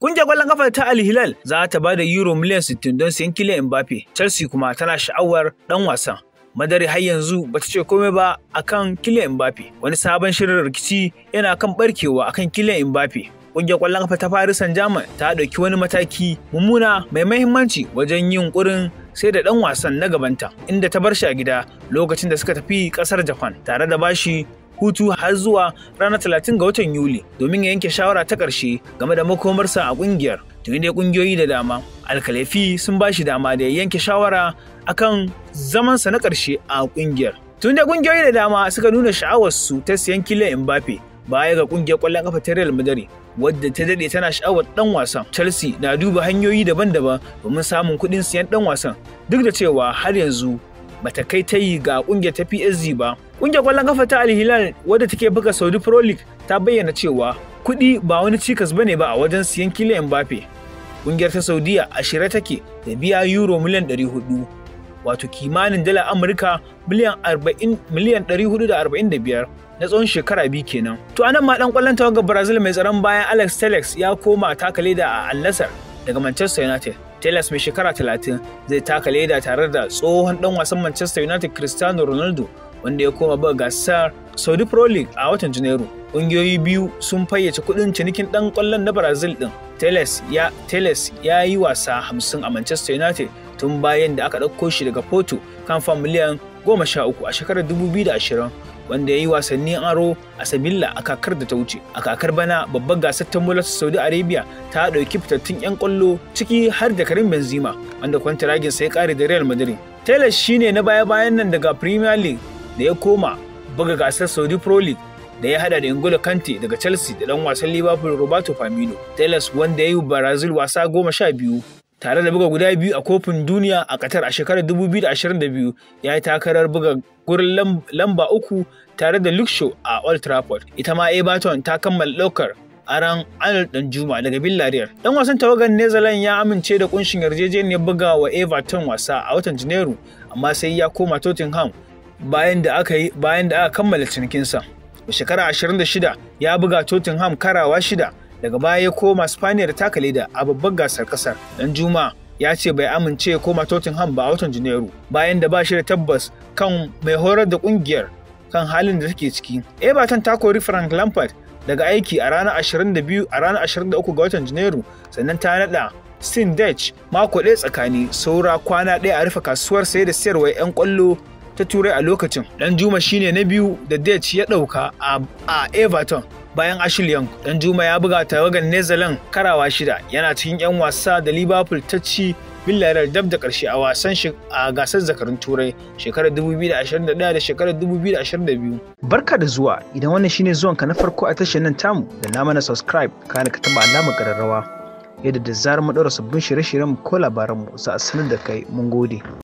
Kungiyar kwallon kafa ta Al Hilal za ta ba da euro miliyan 60 don siyan Kylian Mbappe. Chelsea kuma tana sha'awar ɗan wasan. Madari har yanzu ba ta ce komai ba a kan Kylian Mbappe. Wani sabon shirin rikici yana kan barkewa akan Kylian Mbappe. Kungiyar ƙwallon kafa ta Paris Saint-Germain ta ɗauki wani mataki mummuna mai mahimmanci wajen yin ƙurin sai da ɗan wasan na gabanta inda ta bar shi a gida lokacin da suka tafi ƙasar Japan tare da bashi hutu har zuwa ranar talatin ga watan Yuli domin ya yanke shawara ta ƙarshe game da makomarsa a ƙungiyar. Tuni dai ƙungiyoyi da dama, alkalafi sun ba shi dama da ya yanke shawara akan zamansa na ƙarshe a ƙungiyar. Tuni dai ƙungiyoyi da dama suka nuna sha'awar su ta siyan kilan Mbappe baya ga ƙungiyar ƙwallon ƙafa ta Real Madrid wadda ta dade tana sha'awar ɗan wasan. Chelsea na duba hanyoyi daban-daban domin samun kuɗin siyan ɗan wasan duk da cewa har yanzu bata kai ta yi ga ƙungiyar ta PSG ba Ƙungiyar ƙwallon kafa ta Al Hilal wadda take buga Saudi Pro League ta bayyana cewa kuɗi ba wani cikas bane ba a wajen siyan Kylian Mbappe. Ƙungiyar ta Saudiya a shirye take da biya euro miliyan 400 wato kimanin dala Amurka miliyan 40 miliyan 445 na tsawon shekara biyu kenan. To anan ma dan ƙwallon tawaga Brazil mai tsaron bayan Alex Telex ya koma taka leda a Al Nassr daga Manchester United. Telex mai shekara 30 zai taka leda tare da tsohon dan wasan Manchester United Cristiano Ronaldo wanda ya koma buga gasar saudi pro league a watan janairu ƙungiyoyi biyu sun fayyace kuɗin cinikin ɗan ƙwallon na brazil ɗin teles ya teles ya yi wasa hamsin a manchester united tun bayan da aka ɗauko shi daga porto kan fam miliyan goma sha uku a shekarar dubu 2020 wanda ya yi wasannin aro a sabilla a kakar da ta wuce a kakar bana babbar gasar ta ta saudi arabia ta ɗauki fitattun 'yan kwallo ciki har da karim benzema wanda kwantaragin sai kare da real madrid Teles shine na baya-bayan nan daga premier league da ya koma buga gasar Saudi Pro League da ya hada da N'Golo Kante daga Chelsea da dan wasan Liverpool Roberto Firmino. Telles wanda ya yi Brazil wasa goma sha biyu tare da buga guda biyu a kofin duniya a Qatar a shekarar 2022 ya yi takarar buga gurin lamba uku tare da Luke Shaw a Old Trafford. Ita ma Everton ta kammala ɗaukar aran Arnold Danjuma daga Villarreal. Ɗan wasan tawagar Netherlands ya amince da ƙunshin yarjejeniyar buga wa Everton wasa a watan Janairu amma sai ya koma Tottenham bayan da aka bayan da aka kammala cinikinsa. A shekara 26 ya buga Tottenham karawa shida daga baya ya koma Spaniya da taka leda a babbar gasar kasar. Dan Juma ya ce bai amince ya koma Tottenham ba a watan Janairu bayan da ba shi da tabbas kan mai horar da kungiyar kan halin da take ciki. Everton ta kori Frank Lampard daga aiki a ranar 22 a ranar 23 ga watan Janairu sannan ta nada Sin Dech mako ɗaya tsakani saura kwana ɗaya a rufe kasuwar sayar da sayarwa 'yan ƙwallo ta turai a lokacin dan juma shine na biyu da dech ya ɗauka a everton bayan Ashley Young. Dan Juma ya buga tawagar nezalan karawa shida yana cikin 'yan wasa da Liverpool ta ci Villarreal dab da karshe a wasan a gasar zakarun Turai shekarar 2021 da shekarar 2022. Barka da zuwa idan wannan shine ka na farko a tashar nan tamu da na mana subscribe kana ka taba alamar kararrawa yadda da zarar mu daura sabbin shirye-shiryen ko labaranmu za a sanar da kai mun gode.